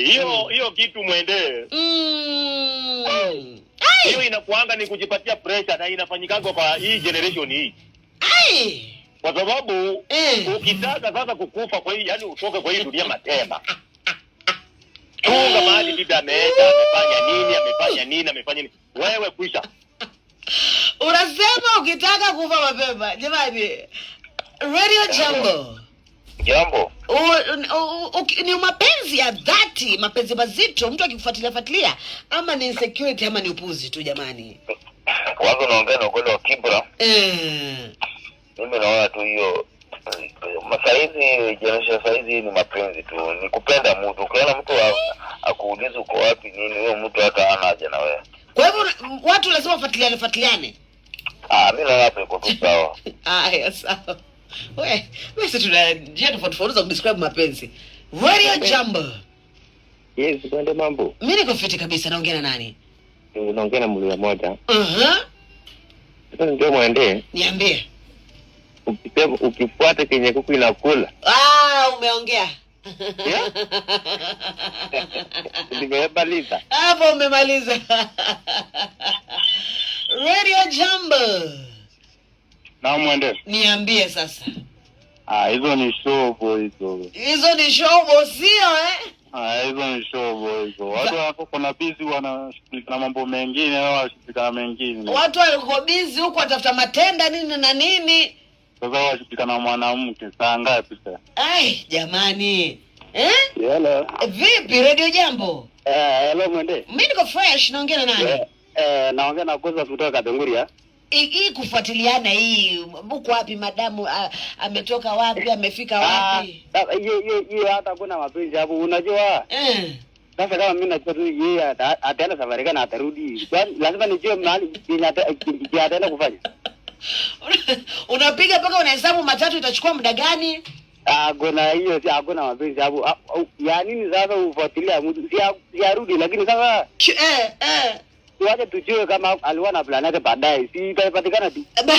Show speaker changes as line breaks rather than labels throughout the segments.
kweli hiyo mm. hiyo mm. kitu mwendee
mm.
hey. hiyo inakuanga ni kujipatia pressure na inafanyikanga kwa hii generation hii hey. kwa sababu hey. Eh. ukitaka sasa kukufa kwa hii yani utoke kwa hii dunia eh. mapema ah, ah, ah, chunga mahali bibi ameenda amefanya nini amefanya nini amefanya nini wewe kwisha
unasema ukitaka kufa mapema jamani radio jambo jambo ni mapenzi ya dhati, mapenzi mazito, mtu akikufuatilia fuatilia, ama ni insecurity ama ni upuzi tu. Jamani,
wazo naongea na ukweli wa kibra. Eh. Mimi naona tu hiyo saizi, generation saizi ni mapenzi tu, ni kupenda mtu. Ukiona mtu akuulizi uko wapi nini, huyo mtu hata hana haja na wewe.
Kwa hivyo watu lazima wafuatiliane fuatiliane.
Ah, mi naona hapo iko tu sawa.
Haya, sawa we basi, tuna njia tofauti tofauti za kudescribe mapenzi. Jambo.
Yes, kwende mambo.
Mimi niko fiti kabisa, naongea na nani?
Unaongea eh, na mlio moja. Mhm. Uh-huh. Sasa ndio Niambie. ukifuata kenye kuku inakula.
Ah, umeongea. Hapo umemaliza. Radio na mwende niambie sasa.
Ah, hizo ni shobo hizo,
hizo ni shobo sio eh?
Ah, hizo ni shobo hizo. Watu wako na busy, wanashughulika na mambo mengine, wao washughulika na mengine.
Watu walikuwa busy huko watafuta matenda nini na nini,
sasa washughulika na mwanamke. Saa ngapi sasa?
Ai jamani eh? Hello. Vipi Radio Jambo?
Eh, hello mwende.
Mimi niko fresh naongea na nani? Eh,
eh naongea na Koza kutoka Katenguria
hii kufuatiliana hii mko wapi madamu ametoka wapi amefika ah, wapi?
Hiyo ah, hata kuna mapenzi hapo, unajua mm. Sasa kama mimi najua tu yeye ataenda safari kana atarudi, lazima nijue mahali yenye ataenda kufanya.
Unapiga mpaka unahesabu matatu itachukua muda gani?
Hakuna ah, hiyo, si hakuna mapenzi hapo. Ya nini sasa ufuatilia mtu? Si arudi, lakini sasa
eh eh
tuwache tujue kama alikuwa na plan yake baadaye, si itapatikana tu.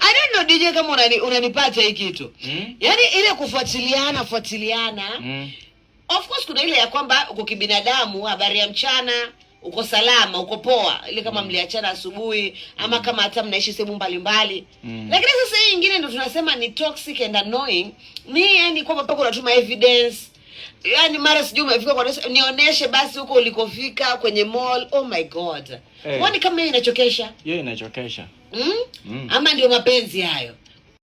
I don't know DJ kama unani, unanipata hii kitu mm. Yaani ile kufuatiliana fuatiliana mm. Of course kuna ile ya kwamba uko kibinadamu, habari ya mchana uko salama, uko poa, ile kama mm. mliachana asubuhi ama hmm. kama hata mnaishi sehemu mbalimbali mm. Lakini sasa hii nyingine ndio tunasema ni toxic and annoying. Ni yani kwamba pako unatuma evidence Yaani mara sijui umefika kwa nusu, nionyeshe basi huko ulikofika kwenye mall. Oh my god. Hey. Eh. kama yeye inachokesha?
yeye inachokesha. Mm? Mm.
Ama ndio mapenzi hayo.